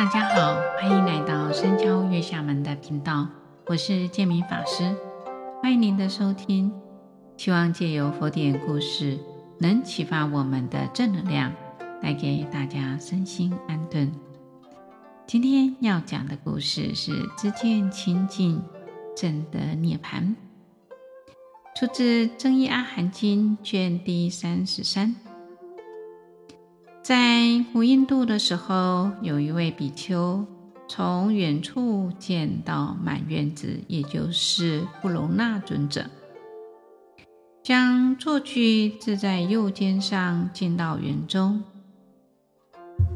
大家好，歡迎來到深敲月下門的頻道，我是建明法師，歡迎您的收聽。希望借由佛典故事，能啟發我們的正能量，帶給大家身心安頓。今天要講的故事是“知見清淨，證得涅槃”，出自《增壹阿含經》卷第三十三。在古印度的時候，有一位比丘從遠處見到滿願子，也就是富樓那尊者，將坐具置在右肩上，進到園中。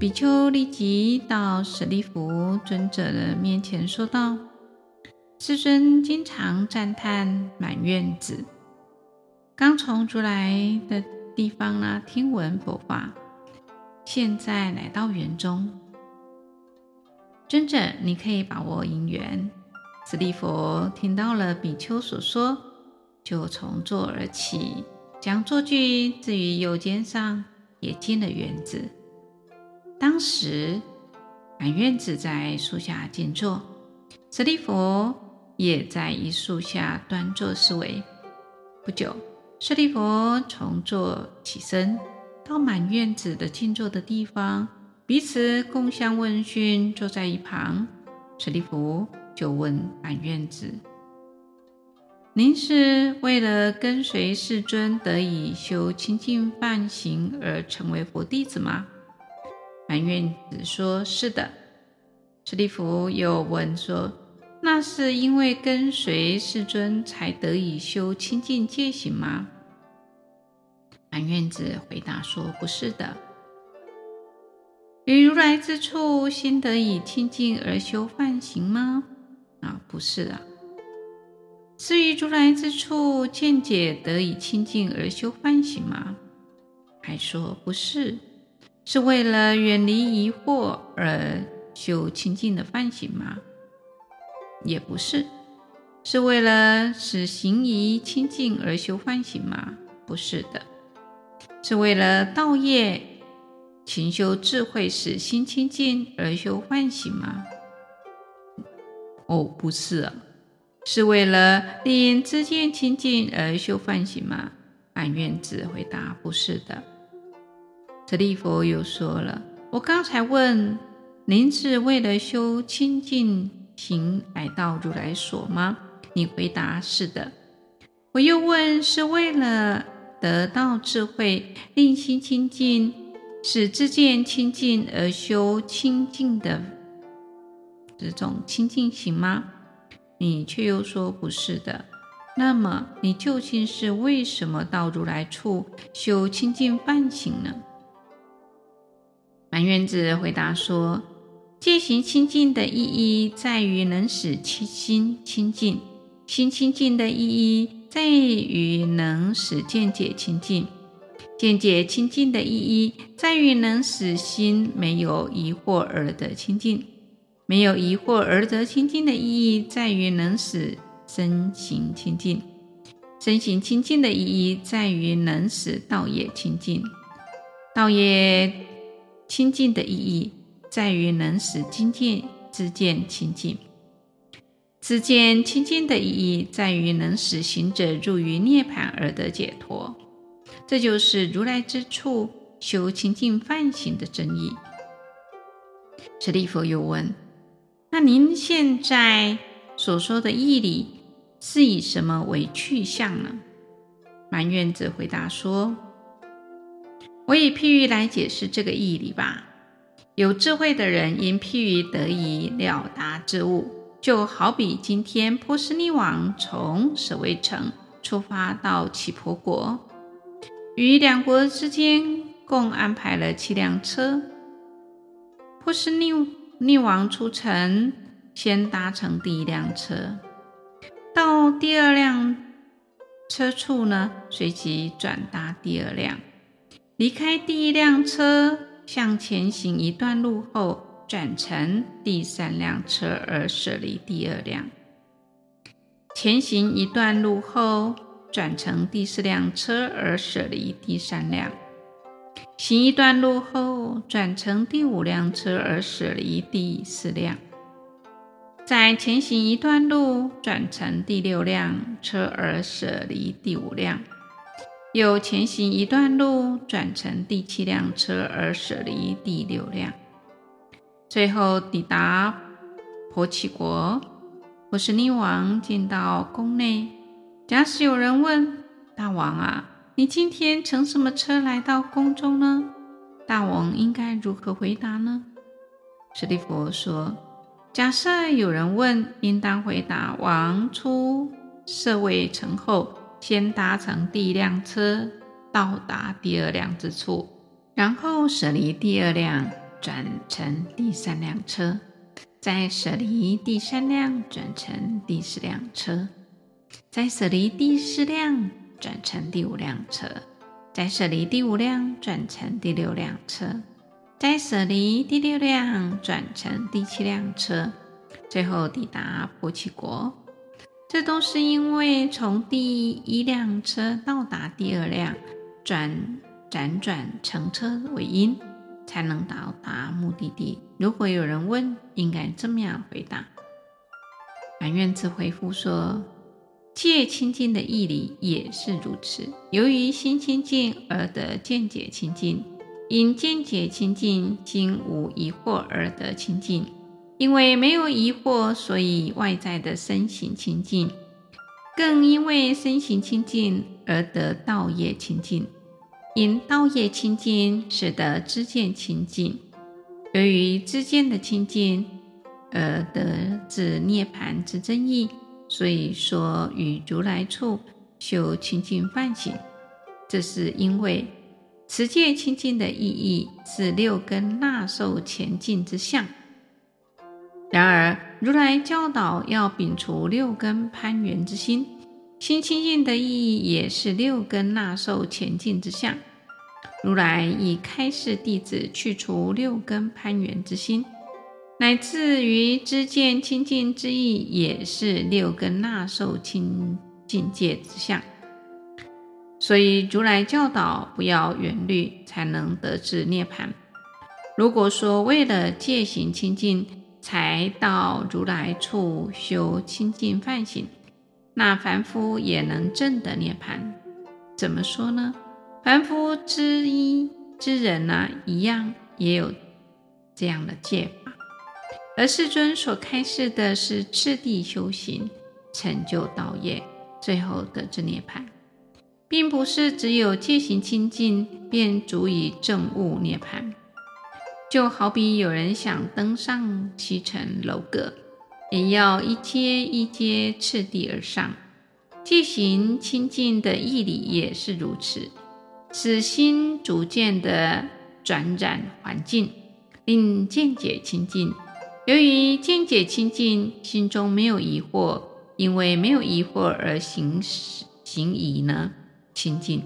比丘立即到舍利弗尊者的面前說道：“世尊經常讚歎滿願子，剛從如來的地方呢，聽聞佛法。”現在來到園中，尊者你可以把握因緣。舍利弗聽到了比丘所說，就從座而起，將坐具置於右肩上，也進了園子。當時，滿願子在樹下靜坐，舍利弗也在一樹下端坐思維。不久，舍利弗從座起身。到滿願子的靜坐的地方，彼此共相問訊，坐在一旁。舍利弗就問滿願子：“您是為了跟隨世尊，得以修清淨梵行而成為佛弟子嗎？”滿願子說：“是的。”舍利弗又問說：“那是因為跟隨世尊，才得以修清淨戒行嗎？”滿願子回答說：“不是的。於如來之處心得以清淨而修梵行嗎？啊，不是的、啊。至於如來之處見解得以清淨而修梵行嗎？還說不是，是為了遠離疑惑而修清淨的梵行嗎？也不是，是為了使行儀清淨而修梵行嗎？不是的。”是為了道業勤修智慧，使心清淨而修梵行嗎？哦，不是、啊，是為了令知見清淨而修梵行嗎？滿願子回答：不是的。舍利弗又說了：我剛才問您是為了修清淨行來到如來所嗎？你回答：是的。我又問：是為了？得到智慧，令心清淨，使知見清淨而修清淨的這種清淨行嗎？你卻又說不是的。那麼你究竟是為什麼到如來處修清淨梵行呢？滿願子回答說：戒行清淨的意義在於能使心清淨，心清淨的意義。在於能使見解清淨，見解清淨的意義在於能使心沒有疑惑而得清淨；沒有疑惑而得清淨的意義在於能使身行清淨；身行清淨的意義在於能使道業清淨；道業清淨的意義在於能使精進知見清淨。知見清淨的意義，在於能使行者入於涅槃而得解脫。這就是如來之處修清淨梵行的真義。舍利弗又問：“那您現在所說的義理，是以什麼為趣向呢？”滿願子回答說：“我以譬喻來解釋這個義理吧。有智慧的人，因譬喻得以了達自悟。”就好比今天波斯匿王從舍衛城出發到乞婆國，與兩國之間共安排了七輛車。波斯匿匿王出城，先搭乘第一輛車，到第二輛車處呢，隨即轉搭第二輛。離開第一輛車，向前行一段路後，轉乘第三輛車而捨離第二輛，前行一段路後，轉乘第四輛車而捨離第三輛，行一段路後，轉乘第五輛車而捨離第四輛，再前行一段路，轉乘第六輛車而捨離第五輛，又前行一段路，轉乘第七輛車而捨離第六輛。最後抵達婆祇國，波斯匿王進到宮內。假使有人問大王啊，你今天乘什麼車來到宮中呢？大王應該如何回答呢？舍利弗說：假設有人問，應當回答：王出舍衛城後，先搭乘第一輛車到達第二輛之處，然後捨離第二輛。轉乘第三輛車，再捨離第三輛轉乘第四輛車，再捨離第四輛轉乘第五輛車，再捨離第五輛轉乘第六輛車，再捨離第六輛轉乘第七輛車，最後抵達婆祇國。這都是因為從第一輛車到達第二輛轉輾轉，轉乘車為因。才能到達目的地。如果有人問，應該這麼樣回答。滿願子回復說：“戒清淨的義理也是如此。由於心清淨而得見解清淨，因見解清淨，心無疑惑而得清淨。因為沒有疑惑，所以外在的身行清淨，更因為身行清淨而得道業清淨。”因道業清淨，使得知見清淨；由於知見的清淨，而得至涅槃之真義，所以說，於如來處修清淨梵行。這是因為持戒清淨的意義是六根納受前境之相。然而，如來教導要摒除六根攀緣之心。心清淨的意義也是六根納受前境之相，如來以開示弟子去除六根攀緣之心，乃至於知見清淨之義，也是六根納受清淨界之相。所以如來教導，不要緣慮，才能得至涅槃。如果說為了戒行清淨，才到如來處修清淨梵行，那凡夫也能證得涅槃，怎麼說呢？凡夫之一之人呢、啊，一樣也有這樣的戒法，而世尊所開示的是次第修行，成就道業，最後得至涅槃，並不是只有戒行清淨便足以證悟涅槃。就好比有人想登上七層樓閣。也要一階一階次第而上，戒行清淨的義理也是如此。使心逐漸的轉染還淨，令見解清淨。由於見解清淨，心中沒有疑惑；因為沒有疑惑而行行儀呢，清淨。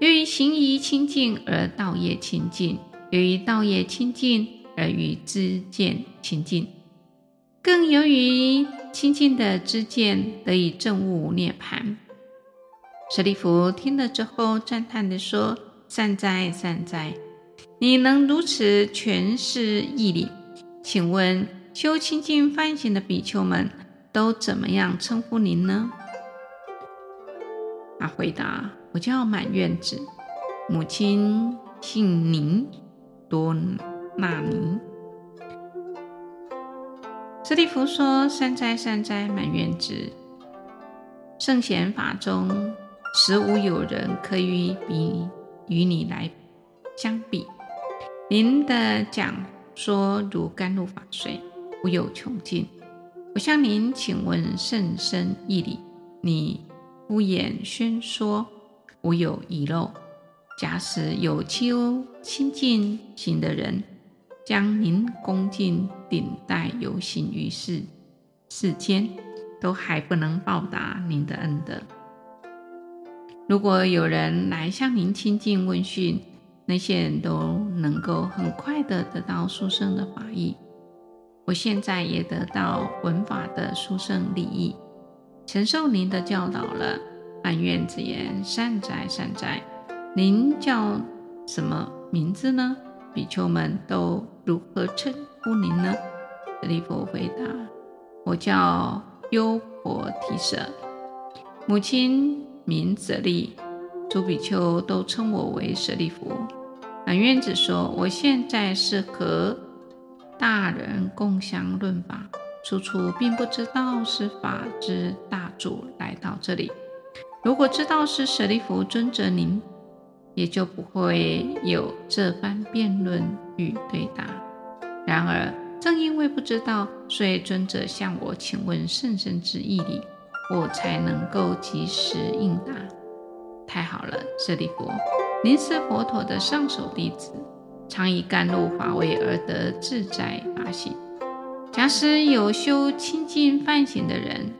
由於行儀清淨而道業清淨，由於道業清淨而與知見清淨。更由於清淨的知見得以證悟涅槃。舍利弗聽了之後讚嘆地說：“善哉，善哉！你能如此詮釋義理！請問修清淨梵行的比丘們都怎麼樣稱呼您呢？”他、啊、回答：“我叫滿願子，母親姓彌多那尼。”舍利弗說：“善哉，善哉，滿願子！聖賢法中，實無有人可與比，與你來相比。您的講說如甘露法水，無有窮盡。我向您請問甚深義理，你敷演宣說，無有遺漏。假使有修清淨行的人，將您恭敬頂戴，遊行於世，世間都還不能報答您的恩德。如果有人來向您親近問訊，那些人都能夠很快地得到殊勝的法益。我現在也得到聞法的殊勝利益，承受您的教導了。滿願子言，善哉！善哉！您叫什麼名字呢？比丘們都如何稱呼您呢？舍利弗回答：“我叫憂波提舍，母親名舍利，諸比丘都稱我為舍利弗。”滿願子說：“我現在是和大人共相論法，初初並不知道是法之大主來到這裡。如果知道是舍利弗尊者您，也就不會有這番辯論。”對答。然而，正因為不知道，所以尊者向我請問甚深之義理，我才能夠即時應答。太好了，舍利弗，您是佛陀的上首弟子，常以甘露法味而得自在法性。假使有修清淨梵行的人，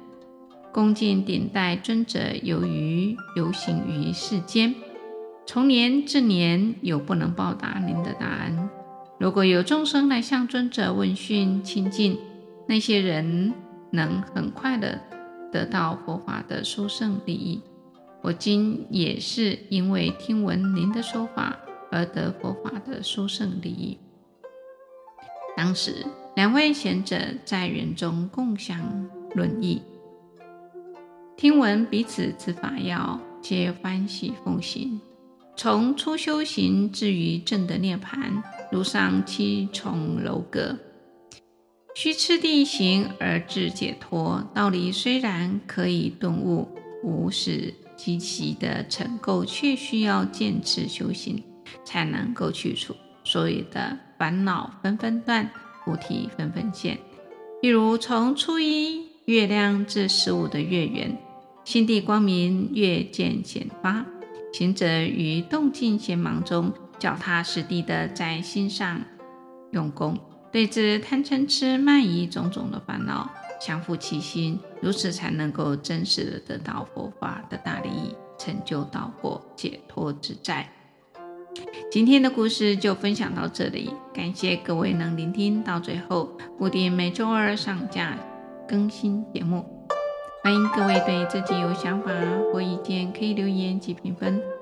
恭敬頂戴尊者有，由於遊行於世間，從年至年，有不能報答您的大恩。如果有眾生來向尊者問訊親近，那些人能很快地得到佛法的殊勝利益。我今也是因為聽聞您的說法而得佛法的殊勝利益。當時，兩位賢者在園中共相論議，聽聞彼此之法要，皆歡喜奉行，從初修行至於正得涅槃。如上七重樓閣，須次第行而至解脫。道理雖然可以頓悟，無始積極的成垢，卻需要堅持修行才能夠去除，所有的煩惱紛紛斷，菩提紛紛現。譬如從初一月亮至十五的月圓，心地光明，月漸顯發，行者於動靜閒忙中。腳踏實地的在心上用功，對治貪嗔痴慢疑種種的煩惱，降伏其心，如此才能夠真實的得到佛法的大利益，成就道果解脫自在。今天的故事就分享到這裡，感謝各位能聆聽到最後。固定每周二上架更新節目，歡迎各位對自己有想法或意見可以留言及評分。